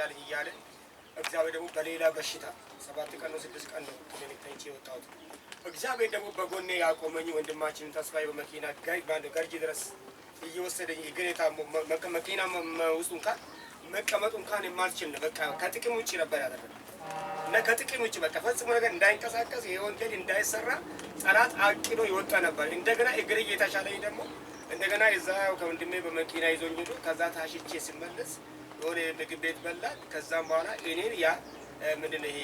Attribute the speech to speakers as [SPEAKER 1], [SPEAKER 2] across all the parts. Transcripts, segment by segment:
[SPEAKER 1] ያለኝ እያልን እግዚአብሔር ደግሞ በሌላ በሽታ ሰባት ቀን ነው ስድስት ቀን ነው ተኝቼ የወጣሁት። እግዚአብሔር ደግሞ በጎኔ ያቆመኝ ወንድማችን ተስፋዬ በመኪና ጋይ ገርጂ ድረስ እየወሰደኝ ግሬታ መኪና ውስጡ እንኳን መቀመጡ እንኳን የማልችል በቃ ከጥቅም ውጭ ነበር ያደረገ እና ከጥቅም ውጭ በቃ ፈጽሞ ነገር እንዳይንቀሳቀስ ይሄ ወንጌል እንዳይሰራ ጠላት አቅዶ ይወጣ ነበር። እንደገና እግር እየተሻለኝ ደግሞ እንደገና የዛ ከወንድሜ በመኪና ይዞኝ ሄዶ ከዛ ታሽቼ ሲመለስ የሆነ ምግብ ቤት በላ። ከዛም በኋላ እኔን ያ ምንድን ይሄ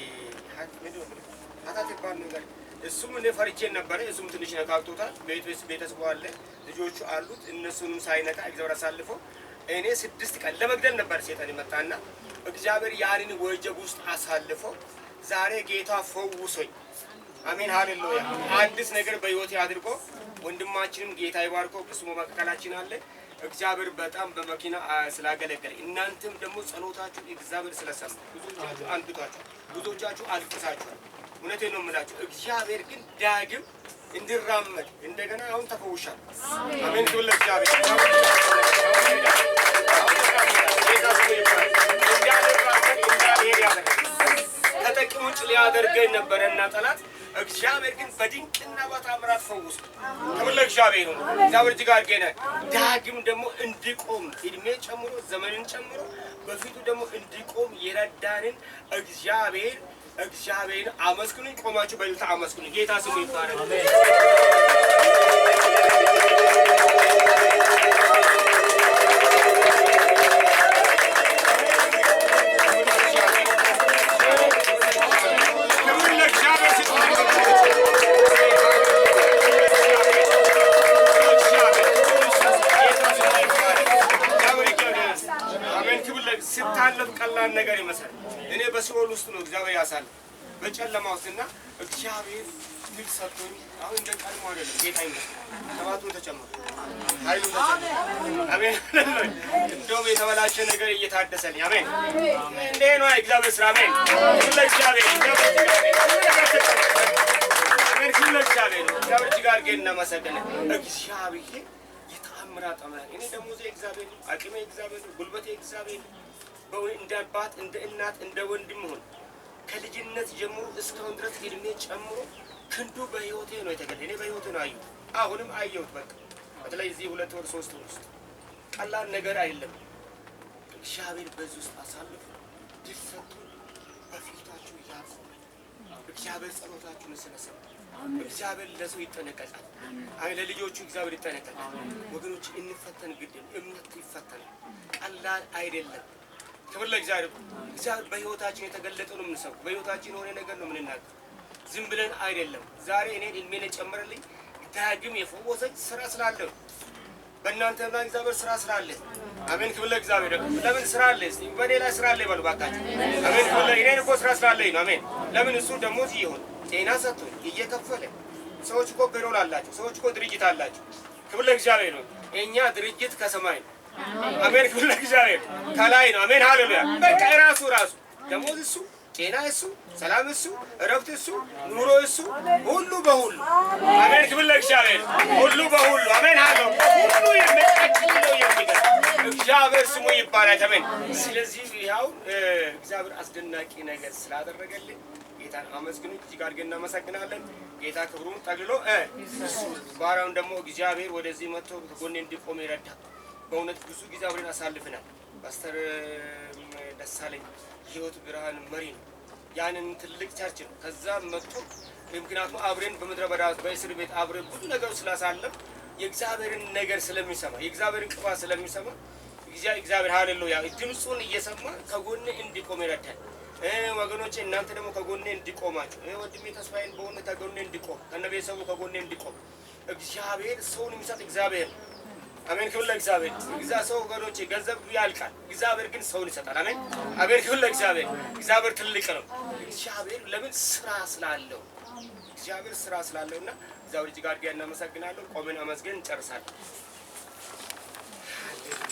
[SPEAKER 1] ሀታት ይባል ነገር እሱም እኔ ፈርቼን ነበረ። እሱም ትንሽ ነካክቶታል። ቤት ቤተሰቡ አለ ልጆቹ አሉት። እነሱንም ሳይነካ እግዚአብሔር አሳልፎ እኔ ስድስት ቀን ለመግደል ነበር ሴጠን መጣና እግዚአብሔር ያንን ወጀብ ውስጥ አሳልፎ ዛሬ ጌታ ፈውሶኝ፣ አሜን ሃሌሉያ። አዲስ ነገር በህይወቴ አድርጎ ወንድማችንም ጌታ ይባርኮ። በስሙ መካከላችን አለ እግዚአብሔር በጣም በመኪና ስላገለገለ እናንተም ደግሞ ጸሎታችሁ እግዚአብሔር ስለሰማ ብዙዎቻችሁ አንብታችሁ ብዙዎቻችሁ አልቅሳችኋል። እውነቴ ነው የምላችሁ። እግዚአብሔር ግን ዳግም እንድራመድ እንደገና አሁን ተፈውሻል። አሜን ትብል እግዚአብሔር ተጠቂ ውጭ ሊያደርገኝ ነበረና ጠላት እግዚአብሔር ግን በድንቅና በታምራት ፈውስ። ክብር ለእግዚአብሔር ነው። እግዚአብሔር እጅግ አድርጌ ነህ። ዳግም ደግሞ እንዲቆም እድሜ ጨምሮ ዘመንን ጨምሮ በፊቱ ደግሞ እንዲቆም የረዳንን እግዚአብሔር እግዚአብሔር አመስግኑኝ። ቆማችሁ በልታ አመስግኑኝ። ጌታ ስሙ ይባረክ። ማለፍ ቀላል ነገር ይመስላል። እኔ በሲኦል ውስጥ ነው እግዚአብሔር ያሳለ በጨለማ ውስጥ እና እግዚአብሔር ድል ሰጥቶኝ አሁን እንደ ቀድሞ አይደለም። ጌታ ይመስል ሰባቱን ተጨምሮ ኃይሉ አሜን። እንደውም የተበላሸ ነገር እየታደሰልኝ አሜን። እንዴ ነው እግዚአብሔር ስራ አሜን። ለእግዚአብሔር እግዚአብሔር ሁሉ ለእግዚአብሔር ነው። እግዚአብሔር እጅግ አድርገን እናመሰግናለን። እግዚአብሔር እኔ ደግሞ እግዚአብሔር አቅሜ እግዚአብሔር ጉልበቴ እግዚአብሔር እንደ አባት፣ እንደ እናት፣ እንደ ወንድም ሆን ከልጅነት ጀምሮ እስካሁን ድረስ እድሜ ጨምሮ ክንዱ በህይወቴ ነው የተገለ እኔ በህይወቴ ነው አየሁት። አሁንም አየሁት። በቃ በተለይ እዚህ ሁለት ወር ሶስት ወር ውስጥ ቀላል ነገር አይደለም። እግዚአብሔር በዚህ ውስጥ አሳልፉ ድርሰቱ በፊታችሁ እያቆ እግዚአብሔር ጸሎታችሁን ስለሰማ እግዚአብሔር ለሰው ይጠነቀቃል። አይ ለልጆቹ እግዚአብሔር ይጠነቀቃል። ወገኖች እንፈተን ግድም እምነት ይፈተናል። ቀላል አይደለም። ክብር ለእግዚአብሔር። እግዚአብሔር በህይወታችን የተገለጠው ነው የምንሰብከው፣ በህይወታችን የሆነ ነገር ነው የምንናገር። ዝም ብለን አይደለም። ዛሬ እኔን እድሜን የጨመረልኝ ዳግም የፈወሰች ስራ ስላለ በእናንተ ላይ እግዚአብሔር ስራ ስላለ፣ አሜን። ክብር ለእግዚአብሔር። ለምን ስራ አለ? በእኔ ላይ ስራ አለ ይበሉ ባካችሁ። አሜን። ክብር ለእኔን እኮ ስራ ስላለኝ ነው። አሜን። ለምን እሱ ደሞዝ ይሁን ጤና ሰጥቶ እየከፈለ ሰዎች እኮ ፔሮል አላቸው። ሰዎች እኮ ድርጅት አላቸው። ክብር ለእግዚአብሔር ነው። እኛ ድርጅት ከሰማይ ነው አሜን ክብር ለእግዚአብሔር። ከላይ ነው። አሜን ሃሌሉያ። በቃ የራሱ ራሱ ደሞዝ እሱ፣ ጤና እሱ፣ ሰላም እሱ፣ እረፍት እሱ፣ ኑሮ እሱ፣ ሁሉ በሁሉ አሜን ክብር ለእግዚአብሔር። ሁሉ በሁሉ አሜን ሁሉ እግዚአብሔር ስሙ ይባላል። አሜን። ስለዚህ ይኸው እግዚአብሔር አስደናቂ ነገር ስላደረገልኝ ጌታን አመስግኑ። ጋር አድርገን እናመሰግናለን። ጌታ ክብሩን ጠቅልሎ ባሪያውን ደግሞ እግዚአብሔር ወደዚህ መጥቶ ጎኔ እንዲቆም ይረዳል። በእውነት ብዙ ጊዜ አብረን አሳልፈናል። ፓስተር ደሳለኝ ህይወት ብርሃን መሪ ነው። ያንን ትልቅ ቸርች ነው። ከዛ መጡ። ምክንያቱም አብረን በምድረ በዳ በእስር ቤት አብረን ብዙ ነገር ስላሳለፍ የእግዚአብሔርን ነገር ስለሚሰማ የእግዚአብሔርን ቅባት ስለሚሰማ እግዚአብሔር ያ ድምፁን እየሰማ ከጎን እንዲቆም ይረዳል። ወገኖች እናንተ ደግሞ ከጎኔ እንዲቆማችሁ ወንድሜ ተስፋዬን በሆነ ከጎኔ እንዲቆም ከነ ቤተሰቡ ከጎኔ እንዲቆም እግዚአብሔር ሰውን የሚሰጥ እግዚአብሔር አሜን። ክብር ለእግዚአብሔር። ግዛ ሰው ገዶች ገንዘብ ያልቃል፣ እግዚአብሔር ግን ሰውን ይሰጣል። አሜን። አሜን። ክብር ለእግዚአብሔር። እግዚአብሔር ትልቅ ነው። እግዚአብሔር ለምን ስራ ስላለው እግዚአብሔር ስራ ስላለውና እግዚአብሔር እጅግ አድርጌ እናመሰግናለሁ። ቆመን አመስገን እንጨርሳለን።